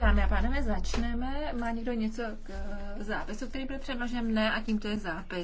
Dámy a pánové, začneme. Má někdo něco k eh, zápisu, který byl předložen? Ne, a tímto je zápis.